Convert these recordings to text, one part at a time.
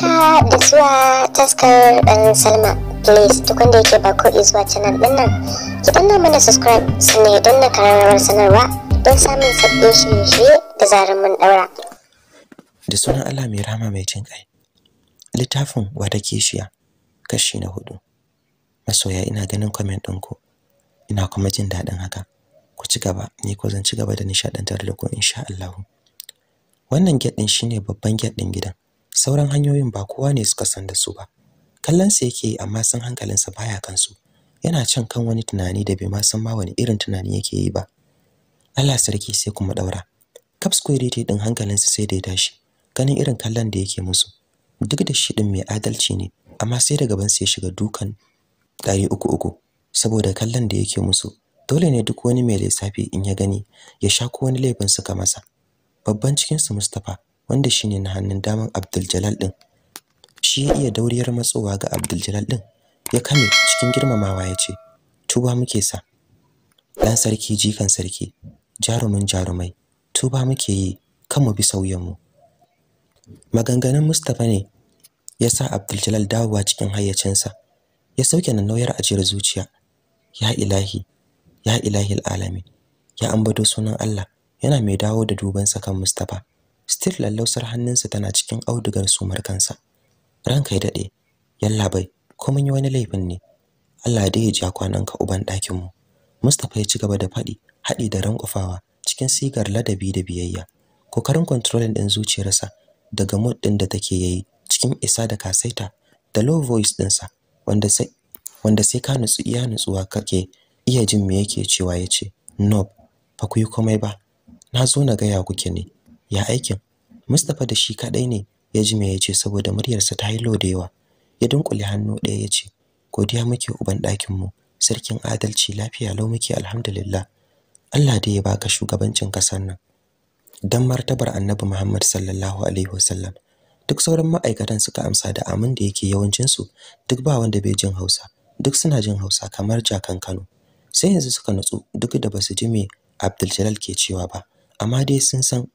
haka da zuwa taskar dan salma please duk wanda yake ba ko zuwa canal din nan ki danna mana subscribe sannan ya danna karamar sanarwa don samun sabbin shirye-shirye da zarar mun daura da sunan allah mai rama mai jin kai littafin wata kishiya kashi na hudu masoya ina ganin comment ɗinku ina kuma jin daɗin haka ku ci gaba ni ko zan ci gaba da nishaɗantar da ku insha Allah wannan gate shine babban gate gidan sauran hanyoyin ba kowa ne suka san da su ba kallon sa yake amma san hankalinsa baya kansu yana can kan wani tunani da bai ma san ma wani irin tunani yake yi ba Allah sarki sai kuma daura cap square din hankalinsa sai da ya tashi ganin irin kallon da yake musu duk da shi din mai adalci ne amma sai da gaban sai shiga dukan dari uku uku saboda kallon da yake musu dole ne duk wani mai lissafi in ya gani ya sha ko wani laifin suka masa babban cikin su Mustapha wanda shine na hannun daman Abdul Jalal din shi ya iya dauriyar matsowa ga Abdul Jalal din ya kame cikin girmamawa ya ce tuba muke sa dan sarki jikan sarki jarumin jarumai tuba muke yi kan mu bi sauyanmu maganganun Mustapha ne ya sa Abdul dawowa cikin hayyacinsa ya sauke na nauyar ajiyar zuciya ya ilahi ya ilahi alamin ya ambato sunan Allah yana mai dawo da dubansa kan Mustapha still lallausar hannunsa tana cikin audugar sumar kansa ranka ya dade yalla bai ko mun yi wani laifin ne Allah dai ya ja kwananka uban ɗakin mu Mustapha ya ci gaba da faɗi haɗi da rankufawa cikin sigar ladabi da biyayya kokarin controlling ɗin zuciyarsa daga mood ɗin da take yayi cikin isa da kasaita da low voice ɗinsa, wanda sai wanda sai ka nutsu iya nutsuwa kake iya jin me yake cewa yace nob ba ku yi komai ba na zo na gaya kuke ne ya aikin Mustapha da shi kadai ne ya ji me yace saboda muryarsa ta hailo da yawa ya dunkule hannu ɗaya ya ce godiya muke uban ɗakin mu sarkin adalci lafiya lau muke alhamdulillah Allah da ya baka shugabancin kasar nan dan martabar Annabi Muhammad sallallahu alaihi wasallam duk sauran ma'aikatan suka amsa da amin da yake yawancin su duk ba wanda bai jin Hausa duk suna jin Hausa kamar jakan Kano sai yanzu suka nutsu duk da basu ji me Abdul Jalal ke cewa ba amma dai sun san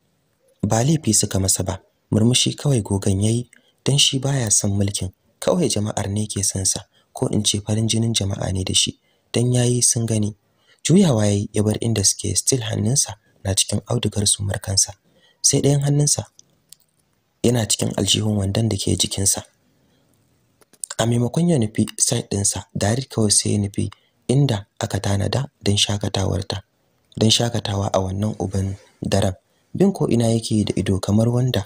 ba laifi suka masa ba murmushi kawai gogan yayi dan shi baya son mulkin kawai jama'ar ne ke son sa ko in ce farin jinin jama'a ne da shi dan yayi sun gani juyawa yayi ya bar inda suke still hannunsa na cikin audugar su Markansa, sai ɗayan hannunsa yana cikin aljihun wandon da ke jikinsa a maimakon ya nufi side ɗinsa dari kawai sai ya nufi inda aka tanada don shakatawarta don shakatawa a wannan uban daren bin ko ina yake da ido kamar wanda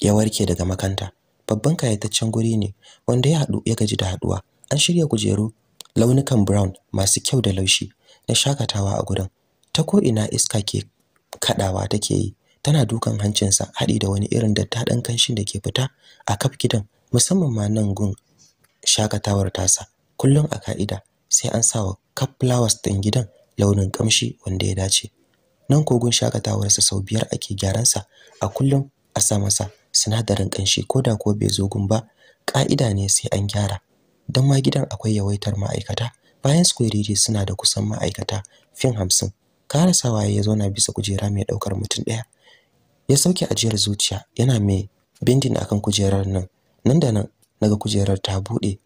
ya warke daga makanta babban kayataccen guri ne wanda ya haɗu ya gaji da haɗuwa an shirya kujeru launukan brown masu kyau da laushi na shakatawa a gurin ta ko ina iska ke kadawa take yi tana dukan hancinsa haɗi da wani irin dattaɗan kanshin da ke fita a kaf gidan musamman ma nan gun shakatawar tasa kullum a ka'ida sai an sawa kaf flowers ɗin gidan launin kamshi wanda ya dace nan kogon shakatawarsa sau biyar ake sa a kullum a sa masa sinadarin ƙanshi ko da kuwa bai zo gun ba ƙa'ida ne sai an gyara don ma gidan akwai yawaitar ma'aikata bayan square suna da kusan ma'aikata fin hamsin karasawa ya zauna bisa kujera mai ɗaukar mutum ɗaya ya sauke ajiyar zuciya yana mai bindin akan kujerar nan nan da nan naga kujerar ta buɗe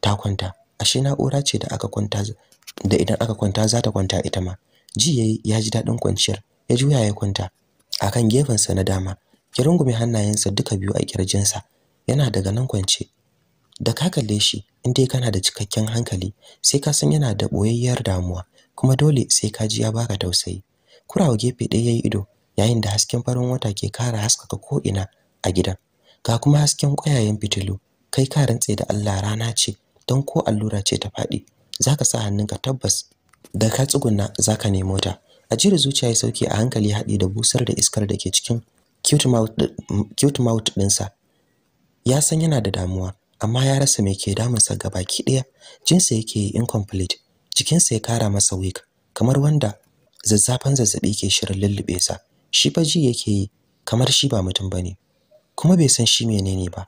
ta kwanta ashe na'ura ce da aka kwanta da idan aka kwanta za ta kwanta ita ma ji yayi ya ji daɗin kwanciyar ya juya ya kwanta akan sa na dama ya rungume hannayensa duka biyu a kirjinsa yana daga nan kwance da ka kalle shi in dai kana da cikakken hankali sai ka san yana da boyayyar damuwa kuma dole sai ka ji ya baka tausayi kurawa gefe ɗaya yayi ido yayin da hasken farin wata ke kara haskaka ko ina a gidan ga kuma hasken ƙwayayen fitilu kai ka rantse da Allah rana ce don ko allura ce ta faɗi zaka sa hannunka tabbas da ka tsuguna za ka nemo ta A ajiyar zuciya ya sauke a hankali haɗi da busar da iskar da ke cikin cute mouth ɗinsa ya san yana da damuwa amma ya rasa mai ke damunsa ga baki ɗaya jinsa yake yi incomplete jikinsa ya kara masa weak kamar wanda zazzafan zazzabi ke shirin lullube sa shi fa ji yake yi kamar shi ba mutum ba ne. kuma bai san shi menene ba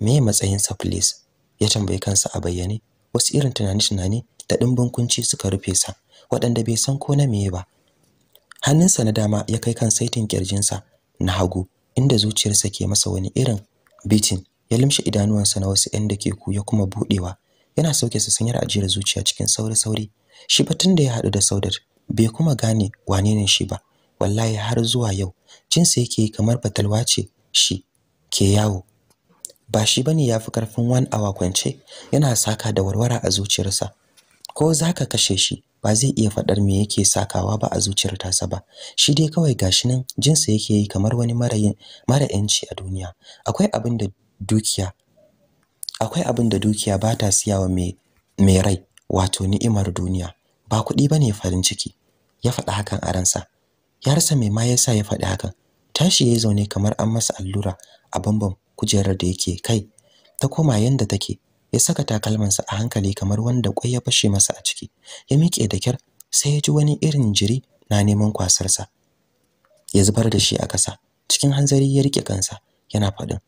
me matsayinsa, please ya tambayi kansa a bayyane wasu irin tunani tunani da dimbin kunci suka rufe sa waɗanda bai san ko na meye ba hannunsa na dama ya kai kan saitin kirjinsa na hagu inda zuciyarsa ke masa wani irin bitin ya limshi idanuwansa na wasu 'yan dake ku ya kuma buɗewa, yana sauke su sanyar ajiyar zuciya cikin sauri sauri shi batun da ya haɗu da Saudat bai kuma gane wane ne shi ba wallahi har zuwa yau jinsa yake kamar batalwa ce shi ke yawo ba shi bane yafi karfin wani awa kwance yana saka da warwara a zuciyarsa ko za ka kashe shi ba zai iya faɗar me yake sakawa ba a zuciyar tasa ba shi dai kawai gashi nan jinsa yake yi kamar wani marayin mara yanci a duniya akwai abin da dukiya akwai abin da dukiya ba ta siya mai mai rai wato ni'imar duniya ba kuɗi ba ne farin ciki ya faɗi hakan a ransa ya mai ma yasa ya faɗi hakan tashi ya zaune kamar an masa allura a bambam kujerar da yake kai ta koma yanda take ya saka takalmansa a hankali kamar wanda kwai ya fashe masa a ciki ya miƙe da kyar sai ya ji wani irin jiri na neman kwasarsa ya zubar da shi a ƙasa cikin hanzari ya riƙe kansa yana faɗin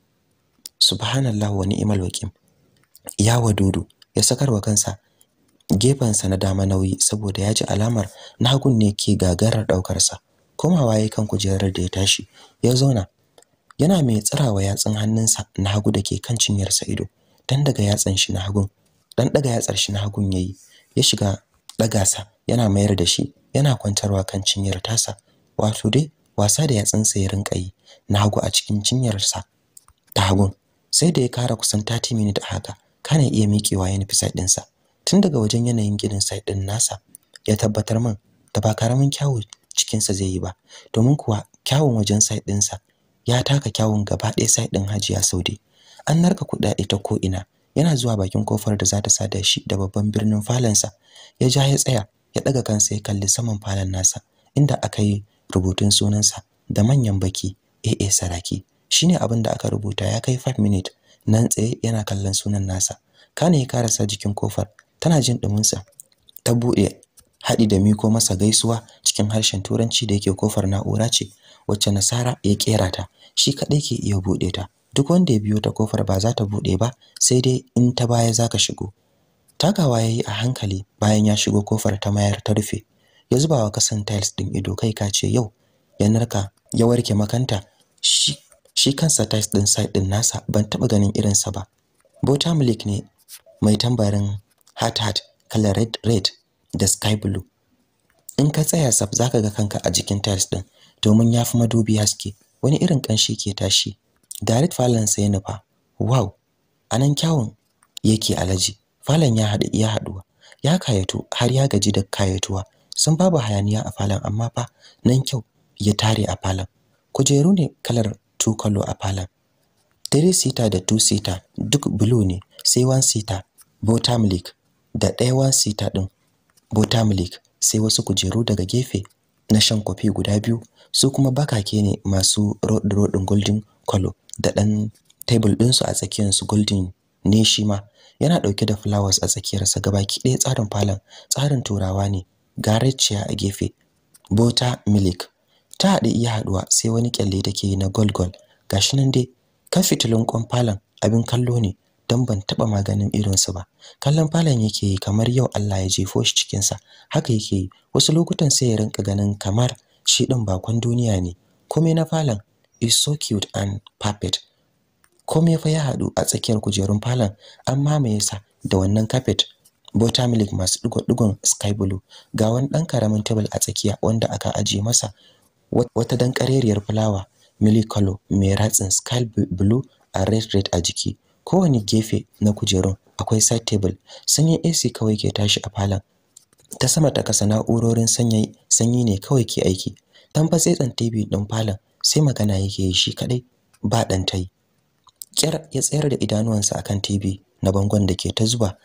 subhanallah wa ni'mal wakim ya wadudu ya sakar wa kansa gefensa na dama nauyi saboda ya ji alamar nagun ne ke gagarar ɗaukarsa komawa ya kan kujerar da ya tashi ya zauna yana mai tsirawa yatsun hannunsa na hagu da ke kan cinyarsa ido dan daga yatsan shi na hagun dan daga yatsar shi na hagun yayi ya shiga dagasa yana mayar da shi yana kwantarwa kan cinyar tasa wato dai wasa da yatsan sa ya rinka yi na hagu a cikin cinyar sa ta hagun sai da ya kara kusan 30 minutes a haka kana iya mikewa ya nufi din ɗinsa tun daga wajen yanayin gidan sa ɗin nasa ya tabbatar min da ba karamin kyawu cikinsa zai yi ba domin kuwa kyawun wajen din ɗinsa ya taka kyawun gaba ɗaya sa ɗin Hajiya Saude an narka kuɗaɗe ta ko ina yana zuwa bakin kofar da za ta sada shi da babban birnin falansa ya ja ya tsaya ya ɗaga kansa ya kalli saman falon nasa inda aka yi rubutun sunansa da manyan baki AA Saraki shine abin da aka rubuta ya kai 5 minute nan tsaye yana kallon sunan nasa kana ya karasa jikin kofar tana jin ɗuminsa ta buɗe haɗi da miko masa gaisuwa cikin harshen turanci da yake kofar na'ura ce wacce nasara ya kera ta shi kaɗai ke iya buɗe ta duk wanda ya biyo ta kofar ba za ta bude ba sai dai in ta baya zaka shigo tagawa yayi a hankali bayan ya shigo kofar ta mayar ta rufe ya zuba wa kasan tiles din ido kai ka ce yau ya narka ya warke makanta shi kansa tiles din side din nasa ban taba ganin irin sa ba bota milik ne mai tambarin hat hat color red red da sky blue in ka tsaya sab zaka ga kanka a jikin tiles din domin yafi madubi haske wani irin kanshi ke tashi direct falon sai nufa wow anan kyawun yake alaji falon ya haɗu ya haɗuwa ya kayato har ya gaji da kayatuwa sun babu hayaniya a falon amma fa nan kyau ya tare a falon kujeru ne kalar tukalo a falon three seater da two seater duk blue ne sai one seater bottom league da ɗaya one seater din bottom league sai wasu kujeru daga gefe na shan kofi guda biyu su kuma bakake ne masu rodin golden color da ɗan tebul ɗinsu a tsakiyarsu golden ne shi ma yana ɗauke da flowers a tsakiyarsa gabaki ɗaya tsarin falon tsarin turawa ne garaciya a gefe bota milik ta haɗe iya haɗuwa sai wani kyalle take yi na golgol gashi nan dai kan fitilun kwan falon abin kallo ne don ban taɓa maganin irinsu ba kallon falon yake yi kamar yau Allah ya jefo shi cikinsa haka yake yi wasu lokutan sai ya rinka ganin kamar shi ɗin bakon duniya ne komai na falon is so cute and perfect komai fa ya haɗu a tsakiyar kujerun falon an mamaye sa da wannan carpet milk masu digo ɗigon sky blue ga wani ɗan karamin table a tsakiya wanda aka ajiye masa wata dan kareriyar fulawa milk color mai ratsin sky blue a red red a jiki kowane gefe na kujerun akwai side table sanyin AC kawai ke tashi a falon ta sama ta kasa na'urorin sanyi ne kawai ke aiki dan fa sai tsan TV ɗin falon sai magana yake yi shi kadai ba dan tai kyar ya tsayar da idanuwansa akan TV na bangon da ke ta zuba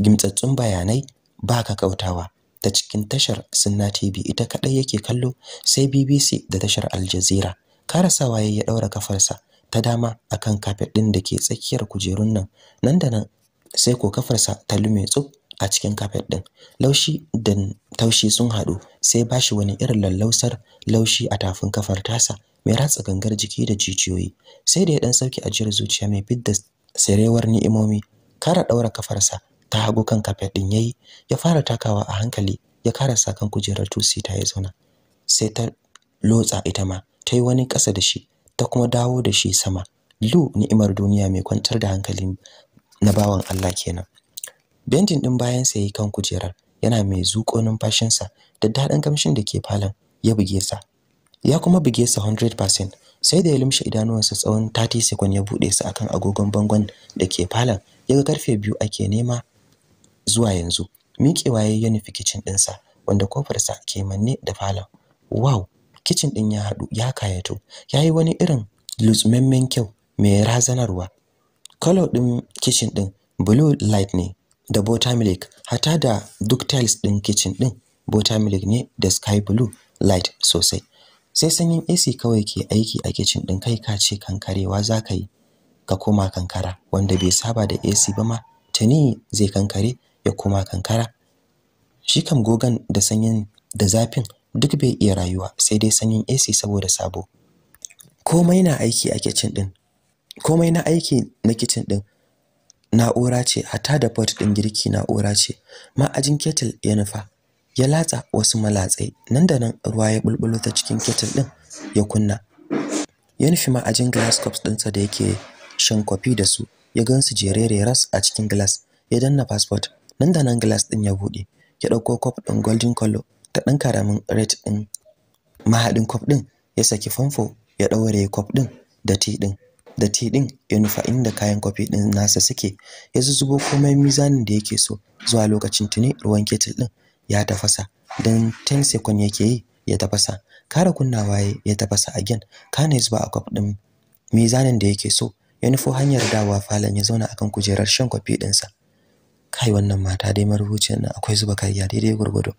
gimtsatsun bayanai ba ka kautawa ta cikin tashar Sunna TV ita kadai yake kallo sai BBC da tashar Al Jazeera karasawa ya daura kafarsa ta dama akan kafet din da ke tsakiyar kujerun nan nan da nan sai ko kafarsa ta lume tsub a cikin kafet din laushi da taushi sun haɗu sai bashi wani irin lallausar laushi a tafin kafar tasa mai ratsa gangar jiki da jijiyoyi sai da ya dan sauki ajiyar zuciya mai da sarewar ni'imomi kara daura kafarsa ta hagu kan kafet din yayi ya fara takawa a hankali ya sa kan kujerar tusi ta ya zauna sai ta lotsa ita ma ta yi wani ƙasa da shi ta kuma dawo da shi sama lu ni'imar duniya mai kwantar da hankali na bawan Allah kenan bentin din bayan sa yayi kan kujerar yana mai zuƙo numfashin da daɗin gamshin da ke falon ya buge sa ya kuma buge sa 100% sai da ya limshe idanuwansa tsawon 30 second ya bude su akan agogon bangon da ke falon yaga karfe biyu ake nema zuwa yanzu miƙewa yayi ya nufi kicin ɗinsa wanda kofarsa ke manne da falon wow kicin ɗin ya haɗu ya kayato yayi wani irin lutsumemmen kyau mai razanarwa kalo ɗin kicin ɗin blue light ne da buttermilk. hata da duk tiles ɗin kitchen ɗin buttermilk ne da sky blue light sosai sai sanyin AC kawai ke aiki a kitchen ɗin kai ka ce kankarewa za ka yi ka koma kankara wanda bai saba da AC ba ma tuni zai kankare ya koma kankara shi kam gogan da sanyin da zafin duk bai iya rayuwa sai dai sanyin AC saboda sabo komai na aiki a kitchen din komai na aiki na kitchen din na'ura ce hatta da pot din girki na'ura ce ma'ajin kettle ya nufa ya latsa wasu malatsai nan da nan ruwa ya bulbulo ta cikin kettle din ya kunna ya nufi ma'ajin glass cups dinsa da yake shan kofi da su ya gansu jerere ras a cikin glass ya danna passport nan da nan glass din ya buɗe, ya dauko cup ɗin golden color ta ɗan karamin red ɗin mahaɗin cup ɗin, ya saki famfo ya ɗaure cup ɗin da tea din da ti din ya nufa inda kayan kwafi din nasa suke ya zuzubo komai mizanin da yake so zuwa lokacin tuni ruwan ketil din ya tafasa dan 10 second yake yi ya tafasa kara kunnawa ya tafasa again kana ya zuba a kwaf din mizanin da yake so ya nufo hanyar dawa falon ya zauna akan kujerar shan kwafi sa kai wannan mata dai marubuciyar nan akwai zuba karya daidai gurgudu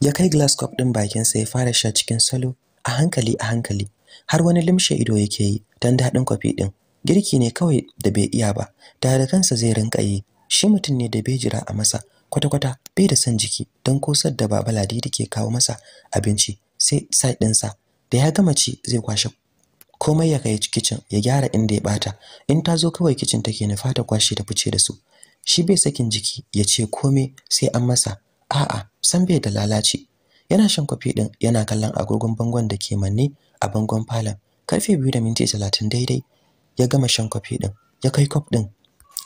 ya kai glass cup din bakin sa ya fara sha cikin salo a hankali a hankali har wani limshe ido yake yi don daɗin kwafi ɗin girki ne kawai da bai iya ba da da kansa zai rinka yi shi mutum ne da bai jira a masa kwata-kwata bai da son jiki don kosar da baba da ke kawo masa abinci sai sai ɗinsa da ya gama ci zai kwashe komai ya kai kicin ya gyara inda ya bata in ta zo kawai kicin take nufa ta kwashe ta fice da su shi bai sakin jiki ya ce komai sai an masa a'a san bai da lalaci yana shan kwafi ɗin, yana kallon agogon bangon da ke manne a bangon falon karfe biyu da minti talatin daidai ya gama shan kwafi din ya kai kwaf din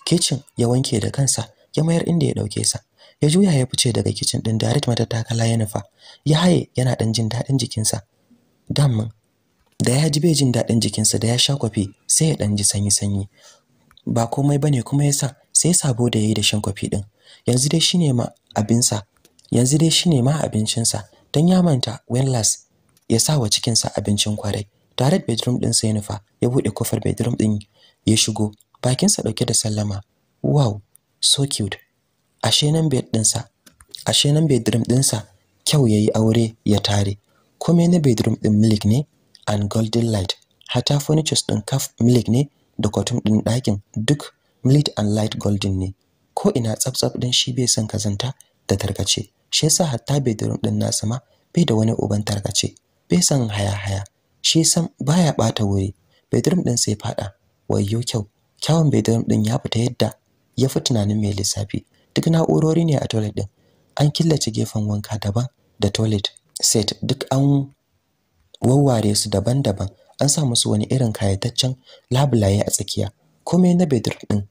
kicin ya wanke da kansa ya mayar inda ya dauke sa ya juya ya fice daga kicin din direct mata takala ya nufa ya haye yana dan jin dadin jikinsa damman da ya ji bai jin dadin jikinsa da ya sha kwafi sai ya dan ji sanyi sanyi ba komai bane kuma yasa sai sabo da yayi da shan kwafi din yanzu dai shine ma abinsa yanzu dai shine ma abincinsa dan ya manta when last ya sa wa cikinsa abincin kwarai tare da bedroom din sai nufa ya buɗe kofar bedroom din ya shigo bakinsa dauke da sallama wow so cute ashe nan bed dinsa ashe nan bedroom dinsa kyau yayi aure ya tare komai na bedroom din milk ne and golden light hata furnitures din kaf milik ne da kwatum din ɗakin duk milk and light golden ne ko ina tsabtsab din shi bai son kazanta da tarkace shi yasa hatta bedroom din nasa ma bai da wani uban tarkace bai san haya-haya shi san baya bata wuri bedroom din sai fada wayyo kyau kyawun bedroom din ya fita yadda ya fi tunanin mai lissafi duk na'urori ne a toilet din an killace gefen wanka daban da toilet set duk an wawware su daban-daban an sa musu wani irin kayataccen labulaye a tsakiya komai na bedroom din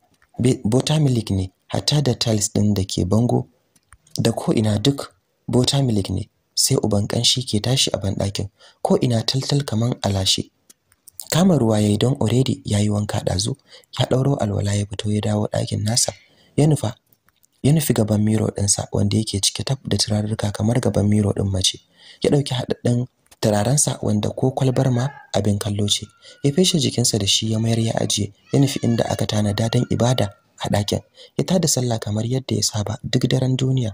milik ne hatta da tiles din da ke bango da ko ina duk milik ne sai uban kanshi ke tashi a banɗakin ko ina taltal kaman alashe kama ruwa yayi don already yayi wanka dazu ya dauro alwala ya fito ya dawo ɗakin nasa ya nufa ya nufi gaban miro ɗinsa wanda yake cike tab da turarruka kamar gaban miro ɗin mace ya ɗauki haɗaɗɗen turarensa wanda ko kwalbar ma abin kallo ce ya feshe jikinsa da shi ya mayar ya ajiye ya nufi inda aka tanada don ibada a ɗakin ya tada sallah kamar yadda ya saba duk daren duniya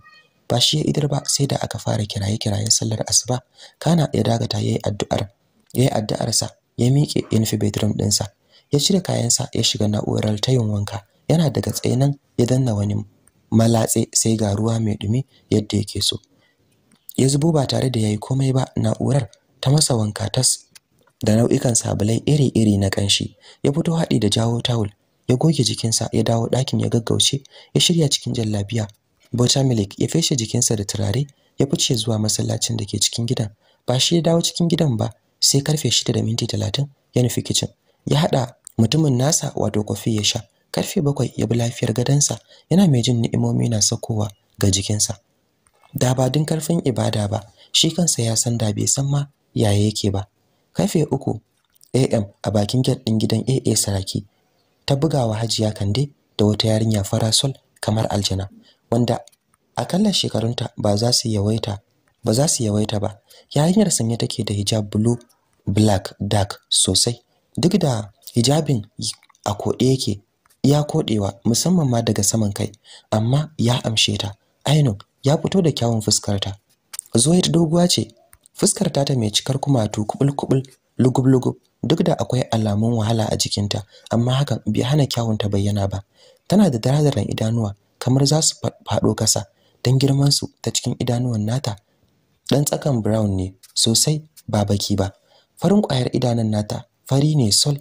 ba shi ya idar ba sai da aka fara kiraye-kirayen sallar asuba kana ya dagata yayi addu'ar yayi addu'ar sa ya miƙe ya nufi bedroom ɗinsa ya cire kayansa ya shiga na'urar tayin wanka yana daga tsayenan ya danna wani malatse sai ga ruwa mai dumi yadda yake so ya zubo ba tare da ya yi komai ba na'urar ta masa wanka tas da nau'ikan sabulai iri-iri na kanshi ya fito haɗi da jawo tawul ya goge jikinsa ya dawo ɗakin ya gaggauce ya shirya cikin jallabiya Buttermilk ya feshe jikinsa da turare ya fice zuwa masallacin da ke cikin gidan. Ba shi ya dawo cikin gidan ba sai karfe 6 da minti ya nufi kitchen. Ya hada mutumin nasa wato kofi ya sha. Karfe 7 ya bi lafiyar gadansa yana mai jin ni'imomi na sakowa ga jikinsa. Da ba din karfin ibada ba, shi kansa ya san da bai san ma yaya yake ba. Karfe 3 AM a bakin gate din gidan AA Saraki ta bugawa Hajiya Kande da wata yarinya farasol kamar aljana. wanda akalla shekarunta ba za su yawaita ba za su yawaita ba yarinyar sanye take da hijab blue black dark sosai duk da hijabin a koɗe yake ya koɗewa musamman ma daga saman kai amma ya amshe ta aino ya fito da kyawun fuskarta zoyar doguwa ce fuskar ta mai cikar kumatu kubul-kubul lugub-lugub duk da akwai alamun wahala a jikinta amma hakan bai hana kyawun ta bayyana ba tana da darajar idanuwa kamar za su faɗo ƙasa don girman su ta cikin idanuwan nata ɗan tsakan brown ne sosai ba baki ba farin ƙwayar idanun nata fari ne sol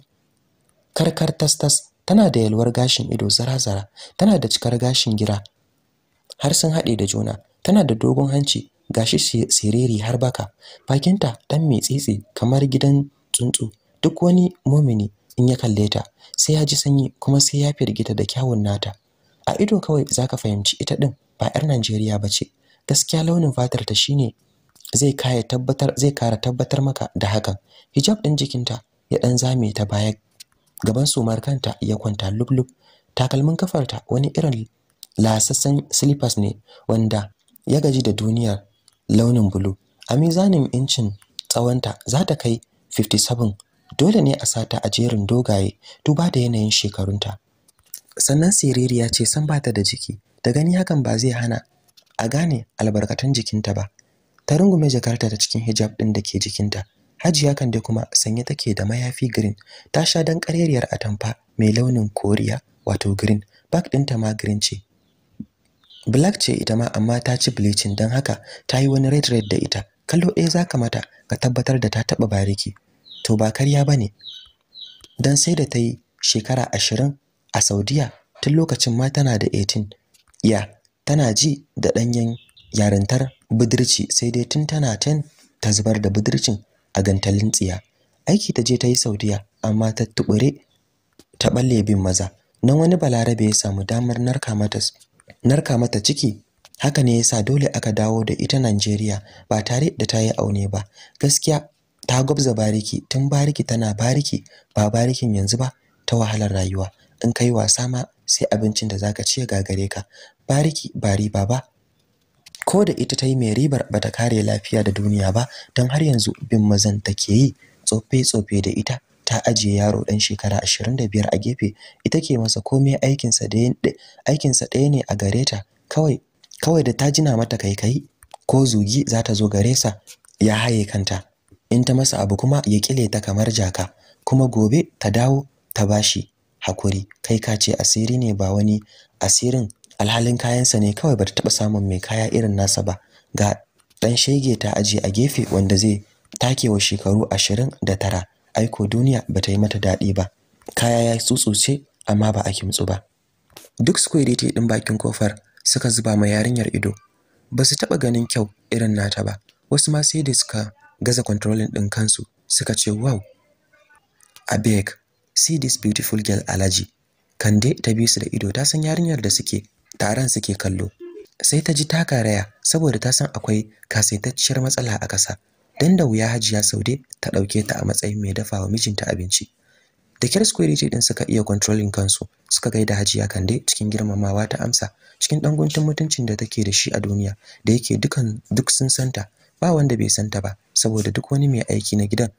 karkar tas tana da yalwar gashin ido zara-zara tana da cikar gashin gira har sun haɗe da juna tana da dogon hanci gashi siriri har baka bakinta ɗan metsitsi kamar gidan tsuntsu duk wani momini in ya kalle ta sai ya ji sanyi kuma sai ya firgita da kyawun nata a ido kawai zaka fahimci ita din ba 'yar Najeriya ba ce gaskiya launin fatar ta shine zai kare tabbatar zai kara tabbatar maka da hakan hijab ɗin jikinta ya ɗan zame ta baya gaban sumar kanta ya kwanta lublub takalmin kafarta wani irin lasassan slippers ne wanda ya gaji da duniyar launin bulu a mizanin incin tsawonta za ta kai 57 dole ne a sata a jerin dogaye duba da yanayin shekarunta sannan siririya ce san bata da jiki da gani hakan ba zai hana a gane albarkatun jikinta ba ta rungume jakarta ta cikin hijab ɗin da ke jikinta hajiya kan dai kuma sanye take da mayafi green ta sha dan ƙarerriyar atamfa mai launin koriya wato green bag ɗinta ma green ce black ce ita ma amma ta ci bleaching don haka ta yi wani red red da ita kallo ɗaya za ka mata ka tabbatar da ta taɓa bariki to ba karya ba ne don sai da ta yi shekara ashirin a Saudiya tun lokacin ma tana da 18 ya tana ji da ɗanyen yarintar budurci sai dai tun tana 10 ta zubar da budurcin a gantalin tsiya aiki ta je ta yi Saudiya amma ta tubure ta balle bin maza nan wani balarabe ya samu damar narka mata ciki haka ne yasa dole aka dawo da ita Najeriya ba tare da ta yi aune ba gaskiya ta gwabza bariki tun bariki tana bariki ba barikin yanzu ba ta wahalar rayuwa in kai wasa ma sai abincin da zaka ci ya gagare ka bariki bari baba ko da ita ta yi mai ribar bata kare lafiya da duniya ba don har yanzu bin mazan take yi tsofe-tsofe da ita ta ajiye yaro dan shekara 25 a gefe ita ke masa komai aikinsa da sa ɗaya ne a gare ta kawai kawai da ta jina mata kai-kai ko zugi za ta zo gare sa ya haye kanta in ta masa abu kuma ya kile ta kamar jaka kuma gobe ta dawo ta bashi hakuri kai ka ce asiri ne ba wani asirin alhalin kayansa ne kawai bata taɓa samun mai kaya irin nasa ba ga ɗan shege ta aje a gefe wanda zai take wa shekaru ashirin da tara, aiko duniya ba ta yi mata daɗi ba kaya ya ce amma ba a kimtsu ba duk security ɗin bakin kofar suka zuba ma yarinyar ido ba su taɓa ganin kyau irin nata ba wasu ma sai da suka gaza controlling ɗin kansu suka ce wow abeg see this beautiful girl alaji kande ta bi su da ido ta san yarinyar da suke taron suke kallo sai ta ji ta karaya saboda ta san akwai kasaitacciyar matsala a ƙasa dan da wuya hajiya saude ta ɗauke ta a matsayin mai dafa wa mijinta abinci da kyar security din suka iya controlling kansu suka gaida hajiya kande cikin girmamawa ta amsa cikin dan guntun mutuncin da take da shi a duniya da yake dukan duk sun santa ba wanda bai santa ba saboda duk wani mai aiki na gidan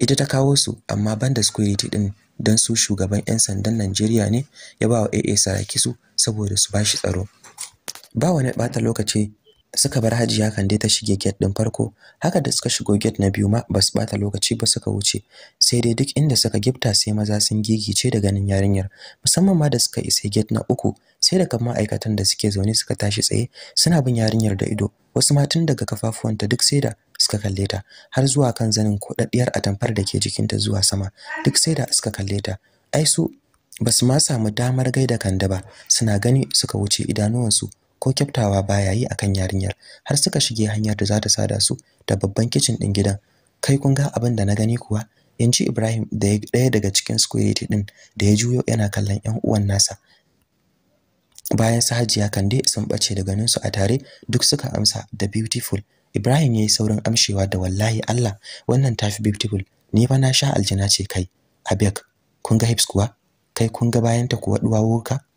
ita ta kawo su amma banda security din dan su shugaban 'yan sandan Najeriya ne ya ba wa AA Saraki su saboda su bashi tsaro ba wani bata lokaci suka bar Hajiya Kande ta shige gate din farko haka da suka shigo gate na biyu ma basu bata lokaci ba suka wuce sai dai duk inda suka gifta sai maza sun gigice da ganin yarinyar musamman ma da suka isa gate na uku sai da kan ma'aikatan da suke zaune suka tashi tsaye suna bin yarinyar da ido wasu matan daga kafafuwanta duk sai da suka kalle ta har zuwa kan zanin kodaddiyar atamfar da ke jikinta zuwa sama duk sai da suka kalle ta ai su basu ma samu damar gaida Kande ba suna gani suka wuce idanuwansu ko kyaftawa baya yi kan yarinyar har suka shige hanyar da za ta sada su da babban kicin din gidan kai kun ga abin da na gani kuwa in ji Ibrahim da ɗaya daga cikin security din da ya juyo yana kallon ƴan uwan nasa bayan su Hajiya Kande sun bace da ganin su a tare duk suka amsa da beautiful Ibrahim yayi saurin amshewa da wallahi Allah wannan tafi beautiful ni fa na sha aljina ce kai abek kun ga hips kuwa kai kun ga bayanta kuwa duwawo ka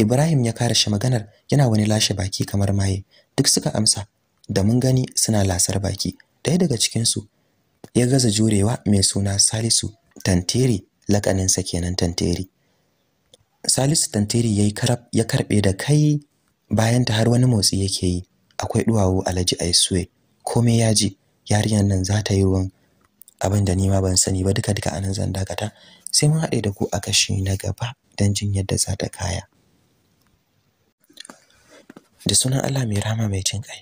Ibrahim ya kare shi maganar yana wani lashe baki kamar maye. Duk suka amsa da mun gani suna lasar baki. Ɗaya daga cikin su ya gaza jurewa mai suna Salisu Tanteri lakanin sa kenan Tanteri. Salisu Tanteri yayi karab ya karbe da kai bayan ta har wani motsi yake yi. Akwai duwawu Alhaji Aisue. Komai ya ji yarinyar nan za ta yi ruwan abin da nima ban sani ba duka duka anan zan dakata sai mun haɗe da ku a kashi na gaba don jin yadda za ta kaya. da sunan Allah mai rahama mai jin kai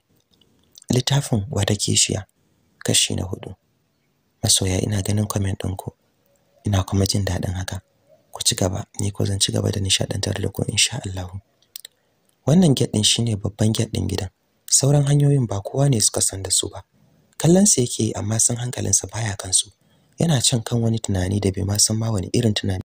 littafin wata kishiya kashi na hudu masoya ina ganin comment ku. ina kuma jin daɗin haka ku ci gaba ni ko zan ci gaba da nishaɗantar da ku insha Allah wannan gate din shine babban gate din gidan sauran hanyoyin ba kowa ne suka san da su ba kallon sa yake amma san hankalinsa baya kansu yana can kan wani tunani da bai ma san ma wani irin tunani